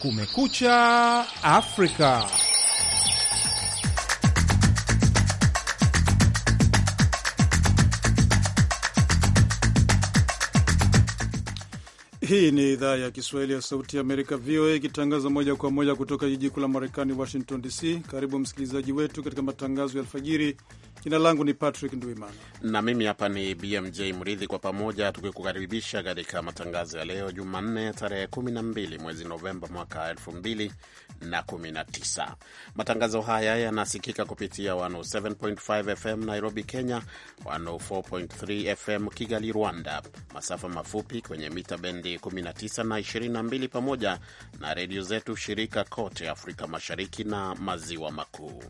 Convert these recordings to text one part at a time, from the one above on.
Kumekucha Afrika. Hii ni idhaa ya Kiswahili ya Sauti ya Amerika, VOA, ikitangaza moja kwa moja kutoka jiji kuu la Marekani, Washington DC. Karibu msikilizaji wetu katika matangazo ya alfajiri Jina langu ni Patrick Ndwimana na mimi hapa ni BMJ Mridhi, kwa pamoja tukikukaribisha katika matangazo ya leo Jumanne tarehe 12 mwezi Novemba mwaka 2019. Matangazo haya yanasikika kupitia 107.5 FM Nairobi, Kenya, 104.3 FM Kigali, Rwanda, masafa mafupi kwenye mita bendi 19 na 22, pamoja na redio zetu shirika kote Afrika Mashariki na Maziwa Makuu.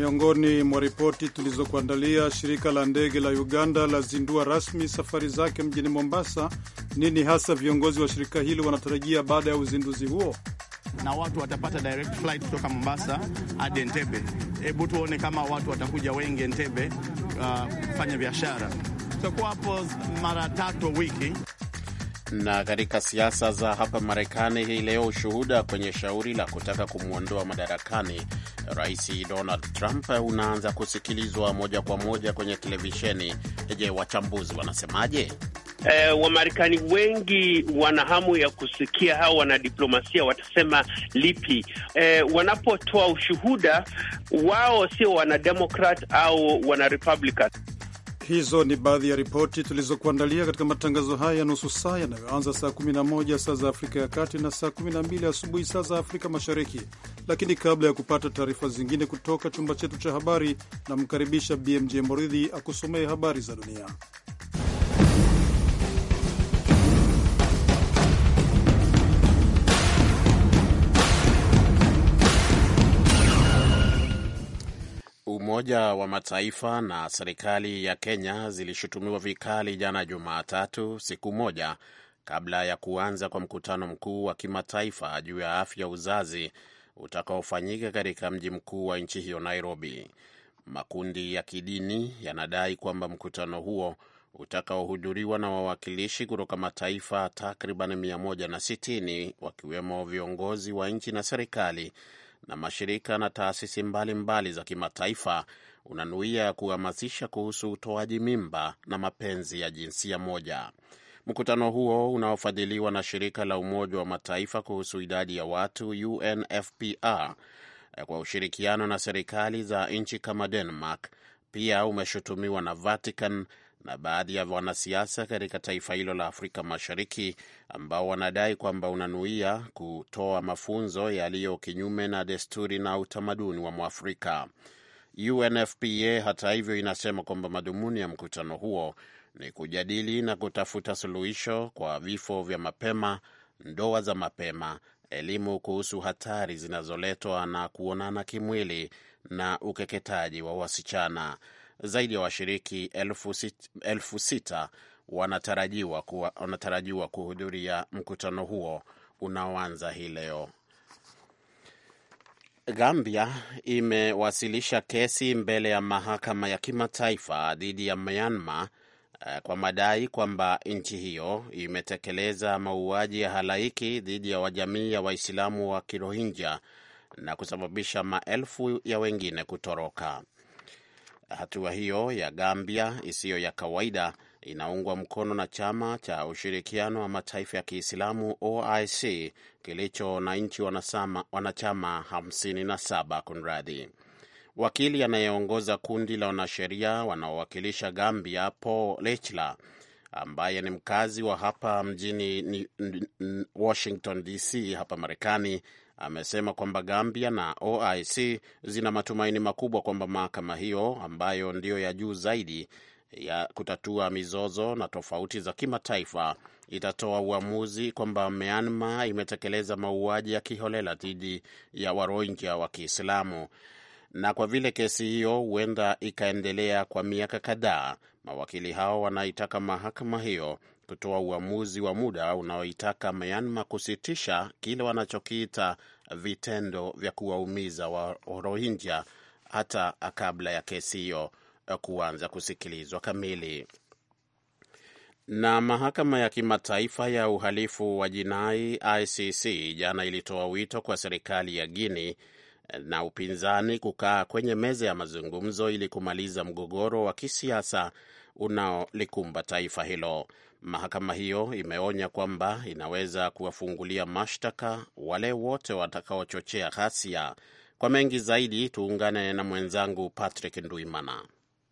Miongoni mwa ripoti tulizokuandalia, shirika la ndege la Uganda lazindua rasmi safari zake mjini Mombasa. Nini hasa viongozi wa shirika hilo wanatarajia baada ya uzinduzi huo? na watu watapata direct flight kutoka Mombasa hadi Entebbe. Hebu tuone kama watu watakuja wengi Entebbe uh, kufanya uh, biashara. Tutakuwa hapo mara tatu wiki. Na katika siasa za hapa Marekani hii leo, ushuhuda kwenye shauri la kutaka kumwondoa madarakani Rais Donald Trump unaanza kusikilizwa moja kwa moja kwenye televisheni. Je, wachambuzi wanasemaje? E, Wamarekani wengi wana hamu ya kusikia au wanadiplomasia watasema lipi. E, wanapotoa ushuhuda wao sio wanademokrat au wanarepublican. Hizo ni baadhi ya ripoti tulizokuandalia katika matangazo haya ya nusu saa yanayoanza saa 11 saa za Afrika ya Kati na saa 12 asubuhi saa za Afrika Mashariki. Lakini kabla ya kupata taarifa zingine kutoka chumba chetu cha habari, namkaribisha BMJ Moridhi akusomee habari za dunia. Umoja wa Mataifa na serikali ya Kenya zilishutumiwa vikali jana Jumatatu, siku moja kabla ya kuanza kwa mkutano mkuu wa kimataifa juu ya afya uzazi utakaofanyika katika mji mkuu wa nchi hiyo Nairobi. Makundi ya kidini yanadai kwamba mkutano huo utakaohudhuriwa na wawakilishi kutoka mataifa takriban 160 wakiwemo viongozi wa nchi na serikali na mashirika na taasisi mbalimbali mbali za kimataifa unanuia kuhamasisha kuhusu utoaji mimba na mapenzi ya jinsia moja. Mkutano huo unaofadhiliwa na shirika la Umoja wa Mataifa kuhusu idadi ya watu UNFPA kwa ushirikiano na serikali za nchi kama Denmark pia umeshutumiwa na Vatican na baadhi ya wanasiasa katika taifa hilo la Afrika Mashariki ambao wanadai kwamba unanuia kutoa mafunzo yaliyo kinyume na desturi na utamaduni wa Mwafrika. UNFPA hata hivyo, inasema kwamba madhumuni ya mkutano huo ni kujadili na kutafuta suluhisho kwa vifo vya mapema, ndoa za mapema, elimu kuhusu hatari zinazoletwa na kuonana kimwili na ukeketaji wa wasichana zaidi ya washiriki elfu sita, wanatarajiwa, wanatarajiwa kuhudhuria mkutano huo unaoanza hii leo. Gambia imewasilisha kesi mbele ya mahakama ya kimataifa dhidi ya Myanmar eh, kwa madai kwamba nchi hiyo imetekeleza mauaji ya halaiki dhidi ya wajamii ya Waislamu wa Kirohinja na kusababisha maelfu ya wengine kutoroka. Hatua hiyo ya Gambia isiyo ya kawaida inaungwa mkono na chama cha ushirikiano wa mataifa ya Kiislamu OIC kilicho na nchi wanachama 57. Kunradhi, wakili anayeongoza kundi la wanasheria wanaowakilisha Gambia, Paul Lechler, ambaye ni mkazi wa hapa mjini Washington DC hapa Marekani, amesema kwamba Gambia na OIC zina matumaini makubwa kwamba mahakama hiyo ambayo ndiyo ya juu zaidi ya kutatua mizozo na tofauti za kimataifa itatoa uamuzi kwamba Myanmar imetekeleza mauaji ya kiholela dhidi ya Warohingya wa Kiislamu na kwa vile kesi hiyo huenda ikaendelea kwa miaka kadhaa, mawakili hao wanaitaka mahakama hiyo kutoa uamuzi wa muda unaoitaka Myanmar kusitisha kile wanachokiita vitendo vya kuwaumiza wa Rohingya hata kabla ya kesi hiyo kuanza kusikilizwa kamili. Na mahakama ya kimataifa ya uhalifu wa jinai ICC jana ilitoa wito kwa serikali ya guini na upinzani kukaa kwenye meza ya mazungumzo ili kumaliza mgogoro wa kisiasa unaolikumba taifa hilo. Mahakama hiyo imeonya kwamba inaweza kuwafungulia mashtaka wale wote watakaochochea ghasia. Kwa mengi zaidi, tuungane na mwenzangu Patrick Nduimana.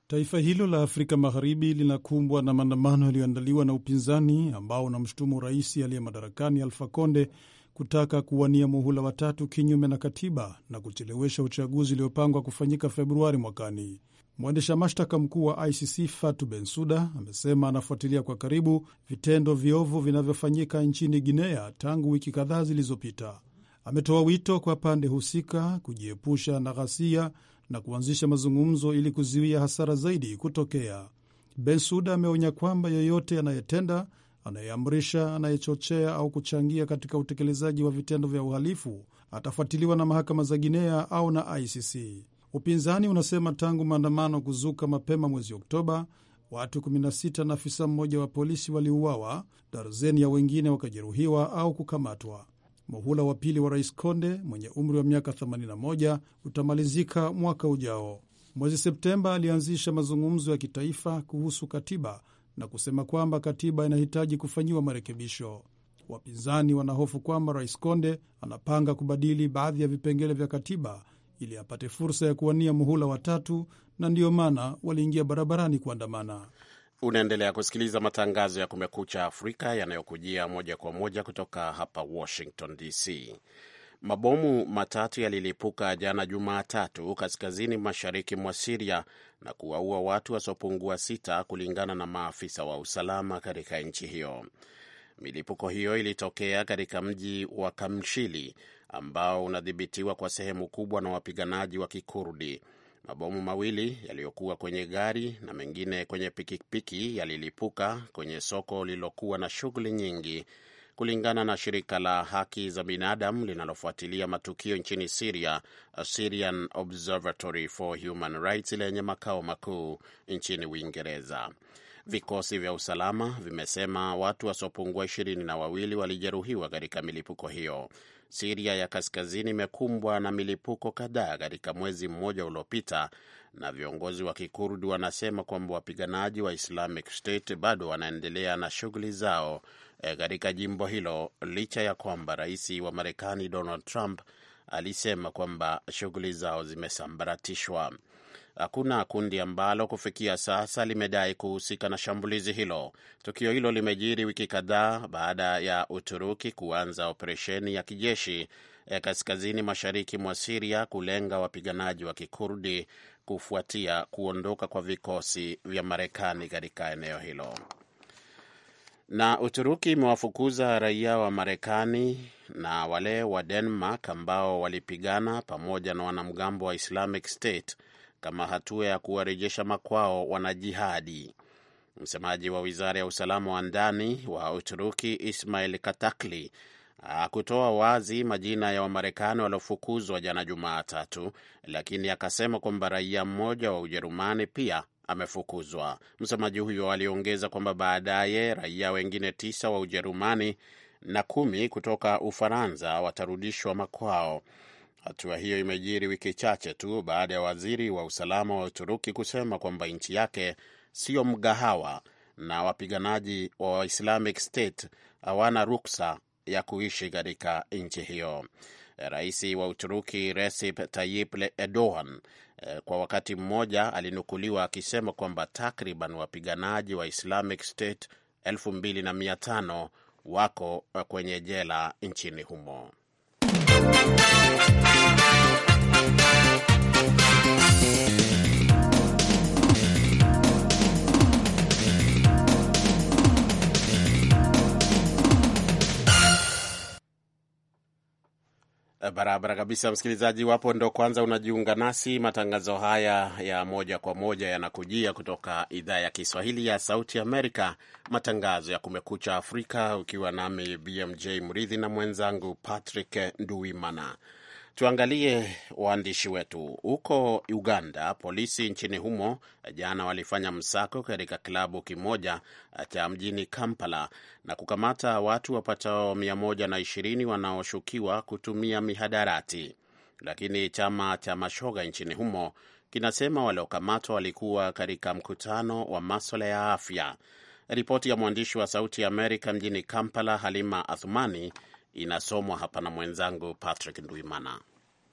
Taifa hilo la Afrika Magharibi linakumbwa na maandamano yaliyoandaliwa na upinzani ambao unamshutumu rais aliye madarakani Alfa Conde kutaka kuwania muhula watatu kinyume na katiba na kuchelewesha uchaguzi uliopangwa kufanyika Februari mwakani. Mwendesha mashtaka mkuu wa ICC Fatu Bensuda amesema anafuatilia kwa karibu vitendo viovu vinavyofanyika nchini Guinea tangu wiki kadhaa zilizopita. Ametoa wito kwa pande husika kujiepusha na ghasia na kuanzisha mazungumzo ili kuzuia hasara zaidi kutokea. Bensuda ameonya kwamba yeyote anayetenda, anayeamrisha, anayechochea au kuchangia katika utekelezaji wa vitendo vya uhalifu atafuatiliwa na mahakama za Guinea au na ICC. Upinzani unasema tangu maandamano kuzuka mapema mwezi Oktoba, watu 16 na afisa mmoja wa polisi waliuawa, darzeni ya wengine wakajeruhiwa au kukamatwa. Muhula wa pili wa Rais Konde mwenye umri wa miaka 81 utamalizika mwaka ujao. Mwezi Septemba alianzisha mazungumzo ya kitaifa kuhusu katiba na kusema kwamba katiba inahitaji kufanyiwa marekebisho. Wapinzani wanahofu kwamba Rais Konde anapanga kubadili baadhi ya vipengele vya katiba ili apate fursa ya kuwania muhula watatu, na ndiyo maana waliingia barabarani kuandamana. Unaendelea kusikiliza matangazo ya Kumekucha Afrika yanayokujia moja kwa moja kutoka hapa Washington DC. Mabomu matatu yalilipuka jana Jumatatu kaskazini mashariki mwa Siria na kuwaua watu wasiopungua sita, kulingana na maafisa wa usalama katika nchi hiyo. Milipuko hiyo ilitokea katika mji wa Kamshili ambao unadhibitiwa kwa sehemu kubwa na wapiganaji wa Kikurdi. Mabomu mawili yaliyokuwa kwenye gari na mengine kwenye pikipiki yalilipuka kwenye soko lililokuwa na shughuli nyingi, kulingana na shirika la haki za binadamu linalofuatilia matukio nchini Siria, Syrian Observatory for Human Rights, lenye makao makuu nchini Uingereza. Vikosi vya usalama vimesema watu wasiopungua ishirini na wawili walijeruhiwa katika milipuko hiyo. Siria ya kaskazini imekumbwa na milipuko kadhaa katika mwezi mmoja uliopita, na viongozi wa Kikurdi wanasema kwamba wapiganaji wa Islamic State bado wanaendelea na shughuli zao eh, katika jimbo hilo, licha ya kwamba rais wa Marekani Donald Trump alisema kwamba shughuli zao zimesambaratishwa. Hakuna kundi ambalo kufikia sasa limedai kuhusika na shambulizi hilo. Tukio hilo limejiri wiki kadhaa baada ya Uturuki kuanza operesheni ya kijeshi ya eh, kaskazini mashariki mwa Siria kulenga wapiganaji wa Kikurdi kufuatia kuondoka kwa vikosi vya Marekani katika eneo hilo. Na Uturuki imewafukuza raia wa Marekani na wale wa Denmark ambao walipigana pamoja na wanamgambo wa Islamic State kama hatua ya kuwarejesha makwao wanajihadi. Msemaji wa wizara ya usalama wa ndani wa Uturuki Ismail Katakli akutoa wazi majina ya Wamarekani waliofukuzwa jana Jumatatu, lakini akasema kwamba raia mmoja wa Ujerumani pia amefukuzwa. Msemaji huyo aliongeza kwamba baadaye raia wengine tisa wa Ujerumani na kumi kutoka Ufaransa watarudishwa makwao. Hatua hiyo imejiri wiki chache tu baada ya waziri wa usalama wa Uturuki kusema kwamba nchi yake sio mgahawa na wapiganaji wa Islamic State hawana ruksa ya kuishi katika nchi hiyo. Rais wa Uturuki Recep Tayyip Erdogan eh, kwa wakati mmoja alinukuliwa akisema kwamba takriban wapiganaji wa Islamic State 2500 wako eh, kwenye jela nchini humo. Eh, barabara kabisa, msikilizaji. wapo ndo kwanza unajiunga nasi, matangazo haya ya moja kwa moja yanakujia kutoka idhaa ya Kiswahili ya Sauti Amerika, matangazo ya Kumekucha Afrika, ukiwa nami BMJ Mridhi na mwenzangu Patrick Nduimana. Tuangalie waandishi wetu huko Uganda. Polisi nchini humo jana walifanya msako katika klabu kimoja eh, cha mjini Kampala na kukamata watu wapatao 120 wanaoshukiwa kutumia mihadarati, lakini chama cha mashoga nchini humo kinasema waliokamatwa walikuwa katika mkutano wa maswala ya afya. Ripoti ya mwandishi wa Sauti ya Amerika mjini Kampala, Halima Athumani, inasomwa hapa na mwenzangu Patrick Ndwimana.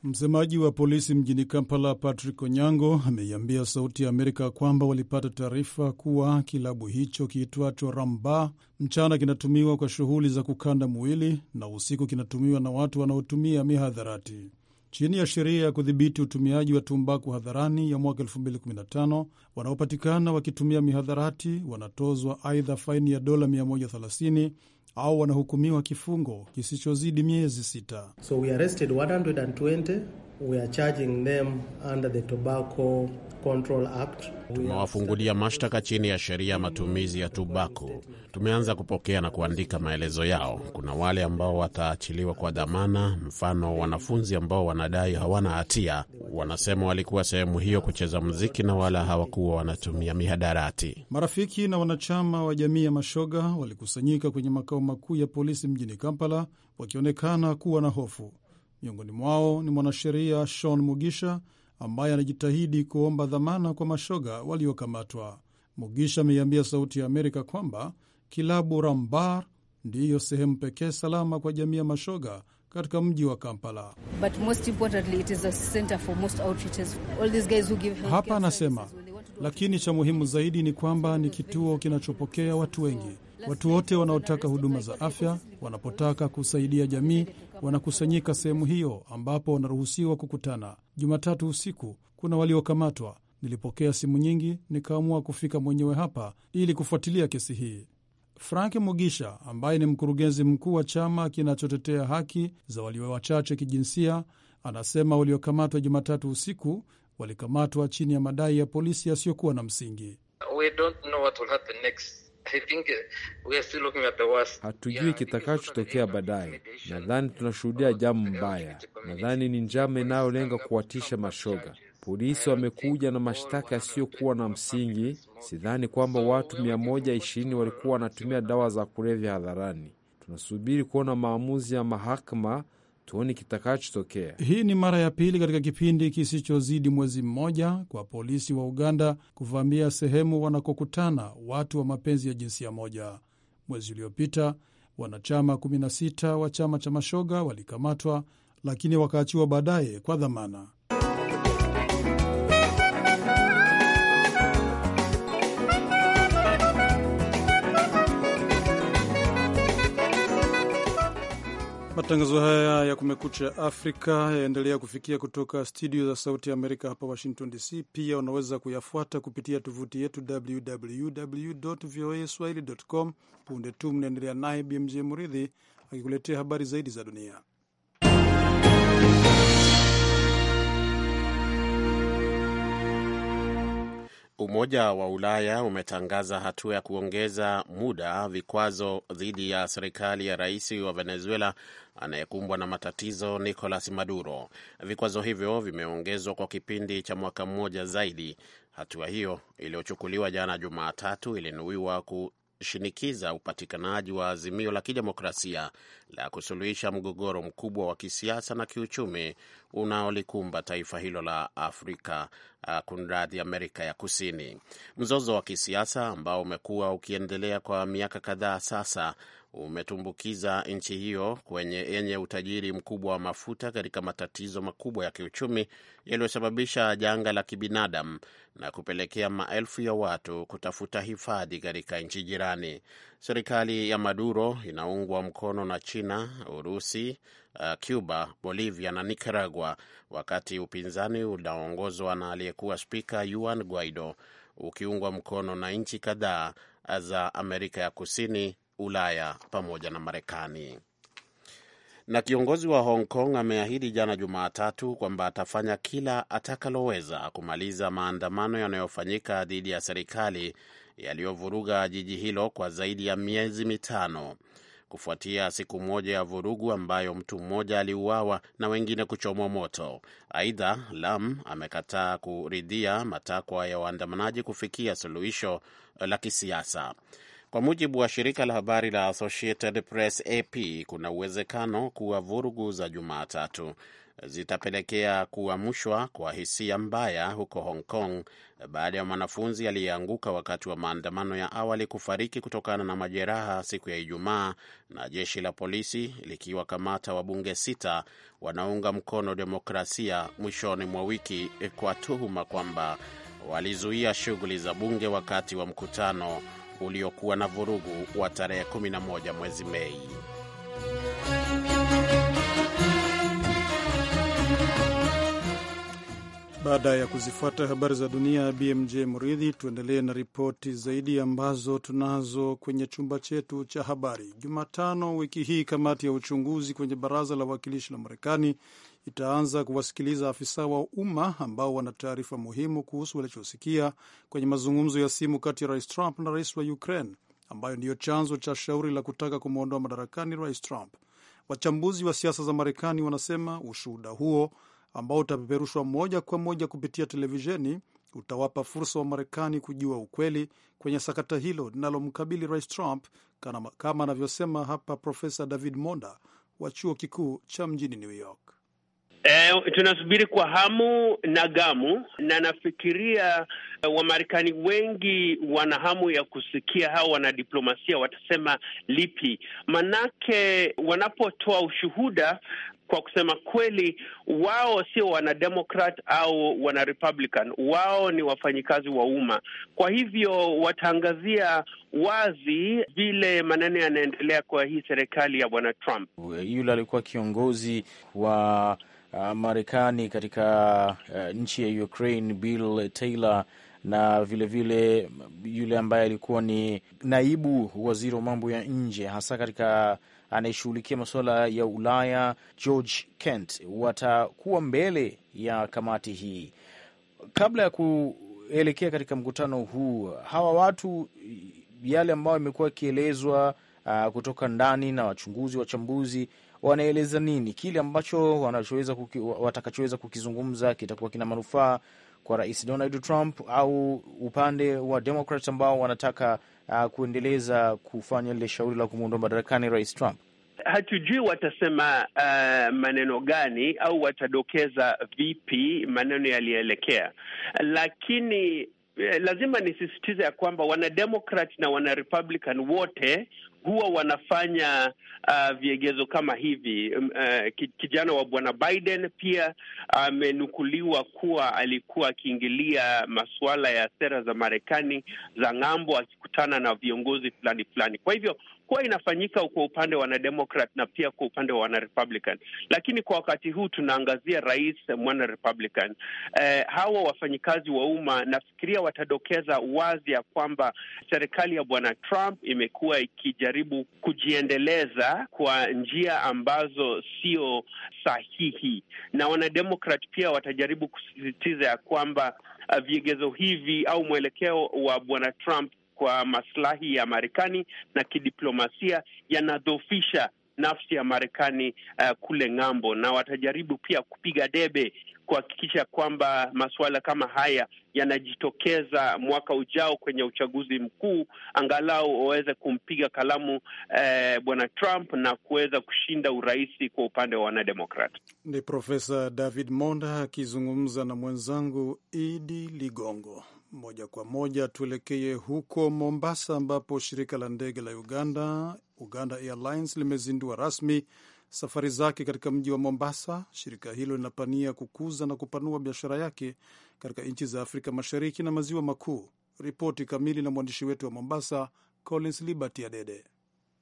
Msemaji wa polisi mjini Kampala, Patrick Onyango, ameiambia Sauti ya Amerika kwamba walipata taarifa kuwa kilabu hicho kiitwacho Ramba mchana kinatumiwa kwa shughuli za kukanda mwili na usiku kinatumiwa na watu wanaotumia mihadharati. Chini ya sheria ya kudhibiti utumiaji wa tumbaku hadharani ya mwaka 2015 wanaopatikana wakitumia mihadharati wanatozwa aidha faini ya dola 130 au wanahukumiwa kifungo kisichozidi miezi sita. So we arrested 120. We are charging them under the tobacco Control Act. Tumewafungulia mashtaka chini ya sheria ya matumizi ya tumbaku. Tumeanza kupokea na kuandika maelezo yao. Kuna wale ambao wataachiliwa kwa dhamana, mfano wanafunzi ambao wanadai hawana hatia, wanasema walikuwa sehemu hiyo kucheza mziki na wala hawakuwa wanatumia mihadarati. Marafiki na wanachama wa jamii ya mashoga walikusanyika kwenye makao makuu ya polisi mjini Kampala wakionekana kuwa na hofu. Miongoni mwao ni mwanasheria Sean Mugisha ambaye anajitahidi kuomba dhamana kwa mashoga waliokamatwa. Mugisha ameiambia Sauti ya Amerika kwamba kilabu Rambar ndiyo sehemu pekee salama kwa jamii ya mashoga katika mji wa Kampala. Hapa anasema, lakini cha muhimu zaidi ni kwamba ni kituo kinachopokea watu wengi. Watu wote wanaotaka huduma za afya, wanapotaka kusaidia jamii, wanakusanyika sehemu hiyo ambapo wanaruhusiwa kukutana. Jumatatu usiku kuna waliokamatwa. Nilipokea simu nyingi, nikaamua kufika mwenyewe hapa ili kufuatilia kesi hii. Frank Mugisha ambaye ni mkurugenzi mkuu wa chama kinachotetea haki za walio wachache kijinsia anasema waliokamatwa Jumatatu usiku walikamatwa chini ya madai ya polisi yasiyokuwa na msingi. We don't know what will happen next. Hatujui kitakachotokea baadaye. Nadhani tunashuhudia jambo mbaya. Nadhani ni njama inayolenga kuwatisha mashoga. Polisi wamekuja na mashtaka yasiyokuwa na msingi. Sidhani kwamba watu 120 walikuwa wanatumia dawa za kulevya hadharani. Tunasubiri kuona maamuzi ya mahakama tuone kitakachotokea. Hii ni mara ya pili katika kipindi kisichozidi mwezi mmoja kwa polisi wa Uganda kuvamia sehemu wanakokutana watu wa mapenzi ya jinsia moja. Mwezi uliopita wanachama 16 wa chama cha mashoga walikamatwa, lakini wakaachiwa baadaye kwa dhamana. Matangazo haya ya Kumekucha Afrika yaendelea kufikia kutoka studio za Sauti ya Amerika hapa Washington DC. Pia unaweza kuyafuata kupitia tovuti yetu www voa swahili com. Punde tu mnaendelea naye BMJ Muridhi akikuletea habari zaidi za dunia. Umoja wa Ulaya umetangaza hatua ya kuongeza muda vikwazo dhidi ya serikali ya rais wa Venezuela anayekumbwa na matatizo Nicolas Maduro. Vikwazo hivyo vimeongezwa kwa kipindi cha mwaka mmoja zaidi. Hatua hiyo iliyochukuliwa jana Jumatatu ilinuiwa kushinikiza upatikanaji wa azimio la kidemokrasia la kusuluhisha mgogoro mkubwa wa kisiasa na kiuchumi unaolikumba taifa hilo la Afrika uh, kunradhi, Amerika ya Kusini. Mzozo wa kisiasa ambao umekuwa ukiendelea kwa miaka kadhaa sasa umetumbukiza nchi hiyo kwenye yenye utajiri mkubwa wa mafuta katika matatizo makubwa ya kiuchumi yaliyosababisha janga la kibinadamu na kupelekea maelfu ya watu kutafuta hifadhi katika nchi jirani. Serikali ya Maduro inaungwa mkono na China, Urusi, uh, Cuba, Bolivia na Nicaragua, wakati upinzani unaoongozwa na aliyekuwa spika Juan Guaido ukiungwa mkono na nchi kadhaa za Amerika ya Kusini Ulaya pamoja na Marekani. Na kiongozi wa Hong Kong ameahidi jana Jumatatu kwamba atafanya kila atakaloweza kumaliza maandamano yanayofanyika dhidi ya serikali yaliyovuruga jiji hilo kwa zaidi ya miezi mitano kufuatia siku moja ya vurugu ambayo mtu mmoja aliuawa na wengine kuchomwa moto. Aidha, Lam amekataa kuridhia matakwa ya waandamanaji kufikia suluhisho la kisiasa. Kwa mujibu wa shirika la habari la Associated Press AP, kuna uwezekano kuwa vurugu za Jumatatu zitapelekea kuamshwa kwa hisia mbaya huko Hong Kong baada ya mwanafunzi aliyeanguka wakati wa maandamano ya awali kufariki kutokana na majeraha siku ya Ijumaa, na jeshi la polisi likiwakamata wabunge sita wanaunga mkono demokrasia mwishoni mwa wiki kwa tuhuma kwamba walizuia shughuli za bunge wakati wa mkutano uliokuwa na vurugu wa tarehe 11 mwezi Mei. Baada ya kuzifuata habari za dunia BMJ mridhi tuendelee na ripoti zaidi ambazo tunazo kwenye chumba chetu cha habari. Jumatano wiki hii, kamati ya uchunguzi kwenye baraza la wawakilishi la Marekani itaanza kuwasikiliza afisa wa umma ambao wana taarifa muhimu kuhusu walichosikia kwenye mazungumzo ya simu kati ya rais Trump na rais wa Ukraine, ambayo ndiyo chanzo cha shauri la kutaka kumwondoa madarakani rais Trump. Wachambuzi wa siasa za Marekani wanasema ushuhuda huo ambao utapeperushwa moja kwa moja kupitia televisheni utawapa fursa wa Marekani kujua ukweli kwenye sakata hilo linalomkabili rais Trump, kama anavyosema hapa Profesa David Monda wa chuo kikuu cha mjini New York. E, tunasubiri kwa hamu na gamu, na nafikiria eh, Wamarekani wengi wana hamu ya kusikia hao wanadiplomasia watasema lipi, manake wanapotoa ushuhuda kwa kusema kweli, wao sio wanademokrat au wanarepublican, wao ni wafanyikazi wa umma. Kwa hivyo wataangazia wazi vile maneno yanaendelea kwa hii serikali ya bwana Trump. Yule alikuwa kiongozi wa Uh, Marekani katika uh, nchi ya Ukraine Bill Taylor na vilevile vile yule ambaye alikuwa ni naibu waziri wa mambo ya nje hasa katika anayeshughulikia masuala ya Ulaya George Kent watakuwa mbele ya kamati hii. Kabla ya kuelekea katika mkutano huu, hawa watu, yale ambayo imekuwa ikielezwa uh, kutoka ndani na wachunguzi, wachambuzi wanaeleza nini kile ambacho wanachoweza kuki, watakachoweza kukizungumza kitakuwa kina manufaa kwa Rais Donald Trump au upande wa demokrat ambao wanataka uh, kuendeleza kufanya lile shauri la kumwondoa madarakani Rais Trump. Hatujui watasema uh, maneno gani au watadokeza vipi maneno yaliyoelekea, lakini Eh, lazima nisisitize ya kwamba wanademokrat na wanarepublican wote huwa wanafanya uh, viegezo kama hivi. Uh, kijana wa bwana Biden pia amenukuliwa uh, kuwa alikuwa akiingilia masuala ya sera za Marekani za ng'ambo akikutana na viongozi fulani fulani. Kwa hivyo kuwa inafanyika kwa upande wa wanademokrat na pia kwa upande wa wanarepublican, lakini kwa wakati huu tunaangazia rais mwanarepublican Eh, hawa wafanyikazi wa umma nafikiria watadokeza wazi ya kwamba serikali ya bwana Trump imekuwa ikijaribu kujiendeleza kwa njia ambazo sio sahihi, na wanademokrat pia watajaribu kusisitiza ya kwamba eh, vigezo hivi au mwelekeo wa bwana Trump kwa maslahi ya Marekani na kidiplomasia yanadhofisha nafsi ya Marekani uh, kule ng'ambo, na watajaribu pia kupiga debe kuhakikisha kwamba masuala kama haya yanajitokeza mwaka ujao kwenye uchaguzi mkuu, angalau waweze kumpiga kalamu eh, bwana Trump na kuweza kushinda urais kwa upande wa wanademokrati. Ni Profesa David Monda akizungumza na mwenzangu Idi Ligongo. Moja kwa moja tuelekee huko Mombasa, ambapo shirika la ndege la Uganda, Uganda Airlines, limezindua rasmi safari zake katika mji wa Mombasa. Shirika hilo linapania kukuza na kupanua biashara yake katika nchi za Afrika Mashariki na Maziwa Makuu. Ripoti kamili na mwandishi wetu wa Mombasa, Collins Liberty Adede.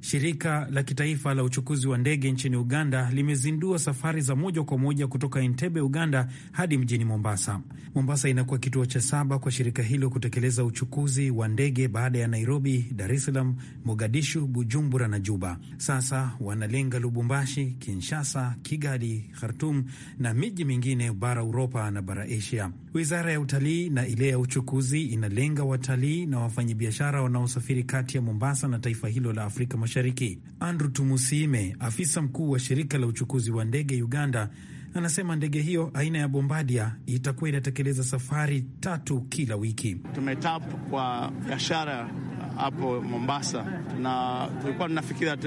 Shirika la kitaifa la uchukuzi wa ndege nchini Uganda limezindua safari za moja kwa moja kutoka Entebbe, Uganda hadi mjini Mombasa. Mombasa inakuwa kituo cha saba kwa shirika hilo kutekeleza uchukuzi wa ndege baada ya Nairobi, Dar es Salaam, Mogadishu, Bujumbura na Juba. Sasa wanalenga Lubumbashi, Kinshasa, Kigali, Khartum na miji mingine bara Uropa na bara Asia. Wizara ya utalii na ile ya uchukuzi inalenga watalii na wafanyabiashara wanaosafiri kati ya Mombasa na taifa hilo la Afrika Mashariki. Andrew Tumusiime, afisa mkuu wa shirika la uchukuzi wa ndege Uganda, anasema ndege hiyo aina ya bombadia itakuwa inatekeleza safari tatu kila wiki. Tumetap kwa biashara hapo Mombasa na tulikuwa tunafikira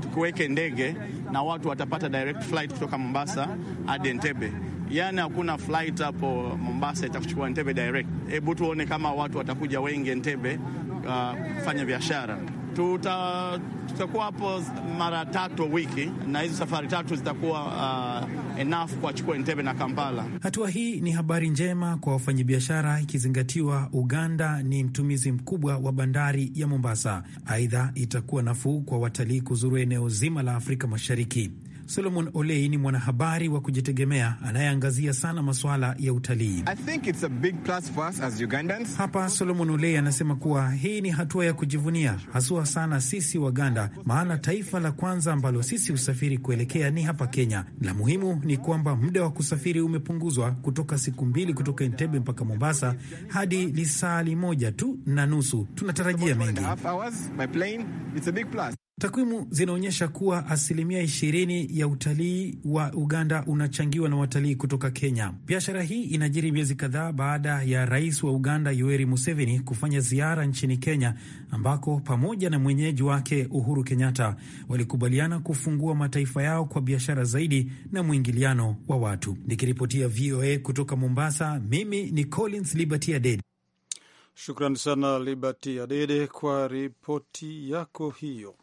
tukiweke ndege na watu watapata direct flight kutoka Mombasa hadi Entebbe. Yani hakuna flight hapo Mombasa itakuchukua Entebbe direct. Hebu tuone kama watu watakuja wengi Entebbe uh, kufanya biashara tuta tutakuwa hapo mara tatu wiki, na hizo safari tatu zitakuwa uh, enough chukua Entebbe na Kampala. Hatua hii ni habari njema kwa wafanyabiashara, ikizingatiwa Uganda ni mtumizi mkubwa wa bandari ya Mombasa. Aidha, itakuwa nafuu kwa watalii kuzuru eneo zima la Afrika Mashariki. Solomon Olei ni mwanahabari wa kujitegemea anayeangazia sana masuala ya utalii. Hapa Solomon Olei anasema kuwa hii ni hatua ya kujivunia haswa sana sisi Waganda, maana taifa la kwanza ambalo sisi husafiri kuelekea ni hapa Kenya. La muhimu ni kwamba muda wa kusafiri umepunguzwa kutoka siku mbili kutoka Entebbe mpaka Mombasa hadi lisali moja tu na nusu. Tunatarajia mengi. Takwimu zinaonyesha kuwa asilimia ishirini ya utalii wa Uganda unachangiwa na watalii kutoka Kenya. Biashara hii inajiri miezi kadhaa baada ya rais wa Uganda Yoweri Museveni kufanya ziara nchini Kenya, ambako pamoja na mwenyeji wake Uhuru Kenyatta walikubaliana kufungua mataifa yao kwa biashara zaidi na mwingiliano wa watu. Nikiripotia VOA kutoka Mombasa, mimi ni Collins Liberty Adede. Shukrani sana Liberty Adede kwa ripoti yako hiyo.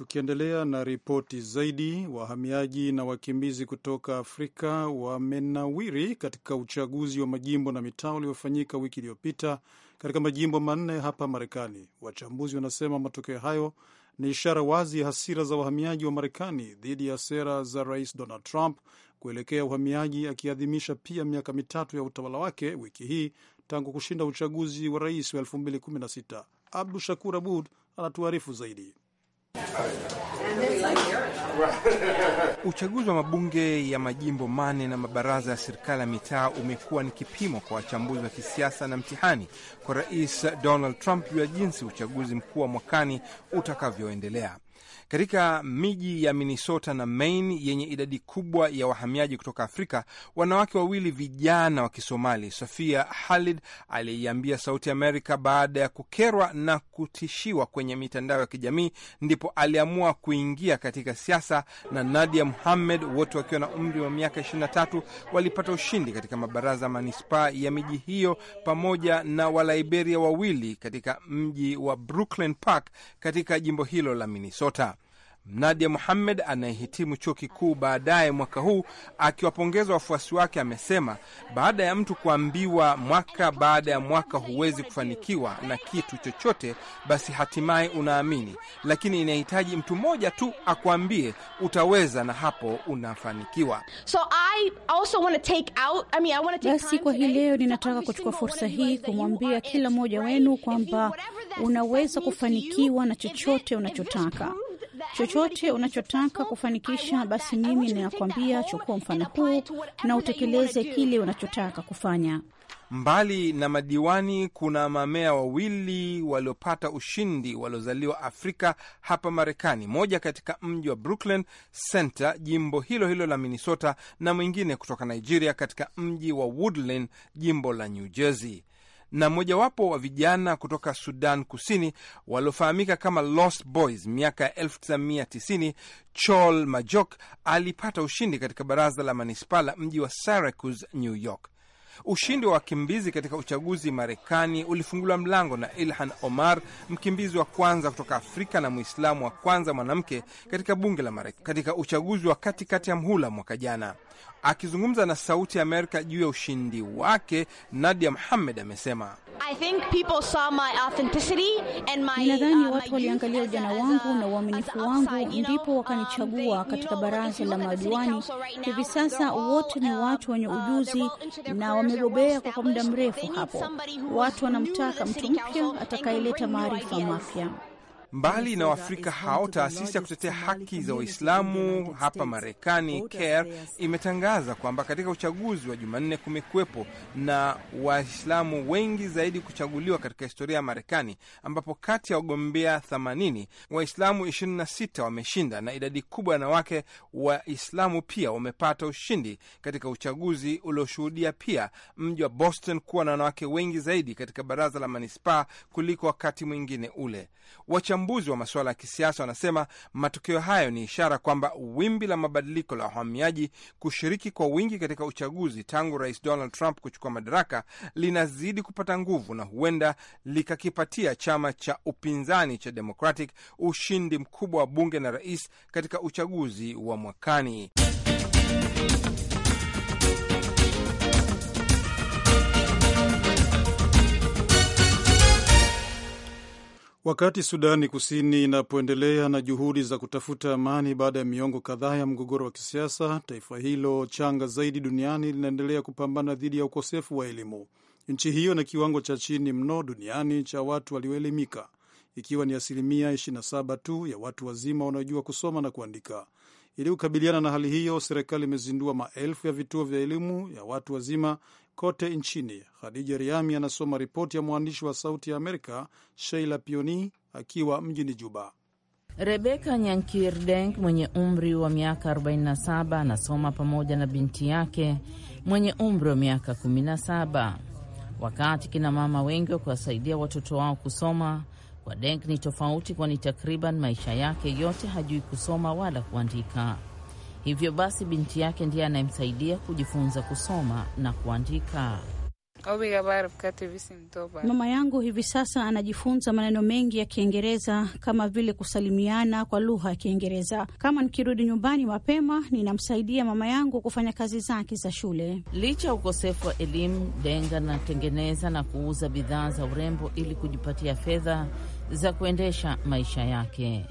Tukiendelea na ripoti zaidi, wahamiaji na wakimbizi kutoka Afrika wamenawiri katika uchaguzi wa majimbo na mitaa uliofanyika wiki iliyopita katika majimbo manne hapa Marekani. Wachambuzi wanasema matokeo hayo ni ishara wazi ya hasira za wahamiaji wa Marekani dhidi ya sera za Rais Donald Trump kuelekea uhamiaji, akiadhimisha pia miaka mitatu ya utawala wake wiki hii tangu kushinda uchaguzi wa rais wa 2016. Abdu Shakur Abud anatuarifu zaidi. Uchaguzi wa mabunge ya majimbo mane na mabaraza ya serikali ya mitaa umekuwa ni kipimo kwa wachambuzi wa kisiasa na mtihani kwa Rais Donald Trump juu ya jinsi uchaguzi mkuu wa mwakani utakavyoendelea. Katika miji ya Minnesota na Maine yenye idadi kubwa ya wahamiaji kutoka Afrika, wanawake wawili vijana wa Kisomali, Sofia Halid aliyeiambia Sauti Amerika baada ya kukerwa na kutishiwa kwenye mitandao ya kijamii, ndipo aliamua kuingia katika siasa, na Nadia Muhammed, wote wakiwa na umri wa miaka 23, walipata ushindi katika mabaraza manispaa ya miji hiyo pamoja na waliberia wawili katika mji wa Brooklyn Park katika jimbo hilo la Minnesota. Nadia Muhammed anayehitimu chuo kikuu baadaye mwaka huu akiwapongeza wafuasi wake amesema, baada ya mtu kuambiwa mwaka baada ya mwaka huwezi kufanikiwa na kitu chochote, basi hatimaye unaamini, lakini inahitaji mtu mmoja tu akuambie utaweza, na hapo unafanikiwa. So I also want to take out, I mean, I want to take basi kwa hii leo ninataka kuchukua fursa hii kumwambia kila mmoja wenu kwamba unaweza kufanikiwa na chochote unachotaka chochote unachotaka kufanikisha, basi mimi ninakwambia, chukua mfano huu na utekeleze kile unachotaka kufanya. Mbali na madiwani kuna mamea wawili waliopata ushindi waliozaliwa Afrika hapa Marekani, moja katika mji wa Brooklyn Center, jimbo hilo hilo la Minnesota, na mwingine kutoka Nigeria katika mji wa Woodland, jimbo la New Jersey na mmojawapo wa vijana kutoka Sudan Kusini waliofahamika kama Lost Boys miaka ya 1990. Chol Majok alipata ushindi katika baraza la manispaa la mji wa Syracuse, New York. Ushindi wa wakimbizi katika uchaguzi Marekani ulifunguliwa mlango na Ilhan Omar, mkimbizi wa kwanza kutoka Afrika na Mwislamu wa kwanza mwanamke katika bunge la Marekani katika uchaguzi wa katikati ya mhula mwaka jana. Akizungumza na Sauti ya Amerika juu ya ushindi wake, Nadia Muhammed amesema Ninadhani uh, watu waliangalia ujana wangu na uaminifu wangu, ndipo wakanichagua um, katika baraza la madiwani. Hivi sasa wote ni um, watu wenye uh, ujuzi na wamebobea kwa muda mrefu hapo. Watu wanamtaka mtu mpya atakayeleta maarifa mapya. Mbali na Waafrika hao, taasisi ya kutetea haki za Waislamu hapa Marekani, CARE, imetangaza kwamba katika uchaguzi wa Jumanne kumekuwepo na Waislamu wengi zaidi kuchaguliwa katika historia ya Marekani, ambapo kati ya wagombea 80 Waislamu 26 wameshinda na idadi kubwa ya wanawake Waislamu pia wamepata ushindi katika uchaguzi ulioshuhudia pia mji wa Boston kuwa na wanawake wengi zaidi katika baraza la manispaa kuliko wakati mwingine ule Wacha Wachambuzi wa masuala ya kisiasa wanasema matokeo hayo ni ishara kwamba wimbi la mabadiliko la wahamiaji kushiriki kwa wingi katika uchaguzi tangu Rais Donald Trump kuchukua madaraka linazidi kupata nguvu na huenda likakipatia chama cha upinzani cha Democratic ushindi mkubwa wa bunge na rais katika uchaguzi wa mwakani. Wakati Sudani Kusini inapoendelea na juhudi za kutafuta amani baada ya miongo kadhaa ya mgogoro wa kisiasa, taifa hilo changa zaidi duniani linaendelea kupambana dhidi ya ukosefu wa elimu. Nchi hiyo na kiwango cha chini mno duniani cha watu walioelimika, ikiwa ni asilimia 27 tu ya watu wazima wanaojua kusoma na kuandika. Ili kukabiliana na hali hiyo, serikali imezindua maelfu ya vituo vya elimu ya watu wazima kote nchini. Khadija Riami anasoma ripoti ya mwandishi wa Sauti ya Amerika Sheila Pioni akiwa mjini Juba. Rebeka Nyankirdenk mwenye umri wa miaka 47 anasoma pamoja na binti yake mwenye umri wa miaka 17. Wakati kina mama wengi wa kuwasaidia watoto wao kusoma, kwa Deng ni tofauti, kwani takriban maisha yake yote hajui kusoma wala kuandika. Hivyo basi binti yake ndiye anayemsaidia kujifunza kusoma na kuandika. Mama yangu hivi sasa anajifunza maneno mengi ya Kiingereza kama vile kusalimiana kwa lugha ya Kiingereza. Kama nikirudi nyumbani mapema, ninamsaidia mama yangu kufanya kazi zake za shule. Licha ya ukosefu wa elimu, Denga anatengeneza na kuuza bidhaa za urembo ili kujipatia fedha za kuendesha maisha yake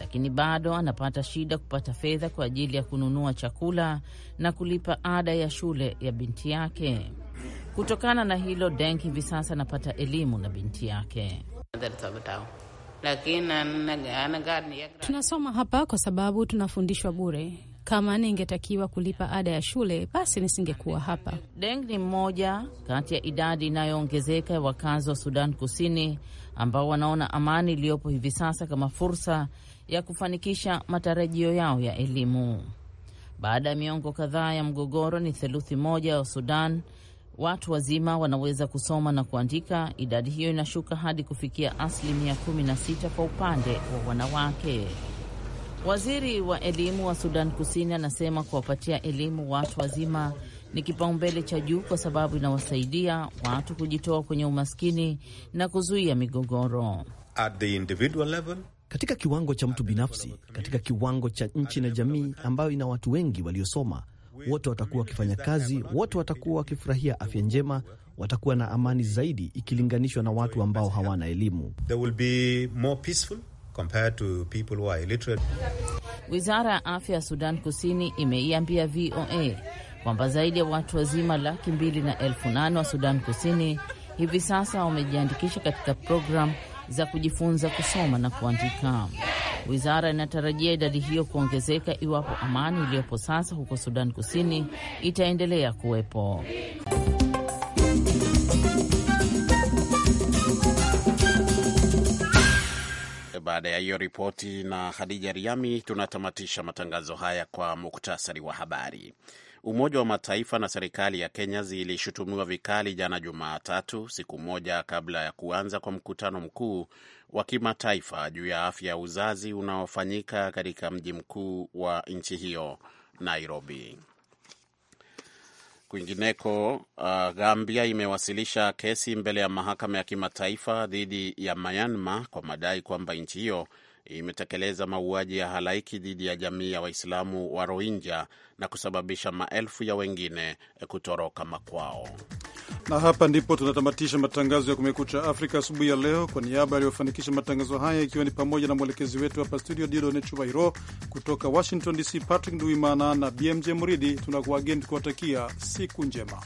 lakini bado anapata shida kupata fedha kwa ajili ya kununua chakula na kulipa ada ya shule ya binti yake. Kutokana na hilo, denk hivi sasa anapata elimu na binti yake. Tunasoma hapa kwa sababu tunafundishwa bure. Kama ningetakiwa kulipa ada ya shule, basi nisingekuwa hapa. Deng ni mmoja kati ya idadi inayoongezeka ya wakazi wa Sudan Kusini ambao wanaona amani iliyopo hivi sasa kama fursa ya kufanikisha matarajio yao ya elimu. Baada ya miongo kadhaa ya mgogoro, ni theluthi moja wa Sudan watu wazima wanaweza kusoma na kuandika. Idadi hiyo inashuka hadi kufikia asilimia 16 kwa upande wa wanawake. Waziri wa elimu wa Sudan Kusini anasema kuwapatia elimu watu wazima ni kipaumbele cha juu kwa sababu inawasaidia watu kujitoa kwenye umaskini na kuzuia migogoro. At the individual level katika kiwango cha mtu binafsi, katika kiwango cha nchi na jamii ambayo ina watu wengi waliosoma. Wote watakuwa wakifanya kazi, wote watakuwa wakifurahia afya njema, watakuwa na amani zaidi ikilinganishwa na watu ambao hawana elimu. Wizara ya afya ya Sudan Kusini imeiambia VOA kwamba zaidi ya watu wazima laki mbili na elfu nane wa Sudan Kusini hivi sasa wamejiandikisha katika programu za kujifunza kusoma na kuandika. Wizara inatarajia idadi hiyo kuongezeka iwapo amani iliyopo sasa huko Sudan Kusini itaendelea kuwepo. Baada ya hiyo ripoti na Khadija Riami, tunatamatisha matangazo haya kwa muktasari wa habari. Umoja wa Mataifa na serikali ya Kenya zilishutumiwa vikali jana Jumatatu, siku moja kabla ya kuanza kwa mkutano mkuu wa kimataifa juu ya afya ya uzazi unaofanyika katika mji mkuu wa nchi hiyo, Nairobi. Kwingineko, uh, Gambia imewasilisha kesi mbele ya mahakama ya kimataifa dhidi ya Myanmar kwa madai kwamba nchi hiyo imetekeleza mauaji ya halaiki dhidi ya jamii ya Waislamu wa Rohingya na kusababisha maelfu ya wengine kutoroka makwao. Na hapa ndipo tunatamatisha matangazo ya Kumekucha Afrika asubuhi ya leo. Kwa niaba yaliyofanikisha matangazo haya, ikiwa ni pamoja na mwelekezi wetu hapa studio Didone Chubairo, kutoka Washington DC Patrick Duimana na BMJ Muridi, tunakuwageni tukiwatakia siku njema.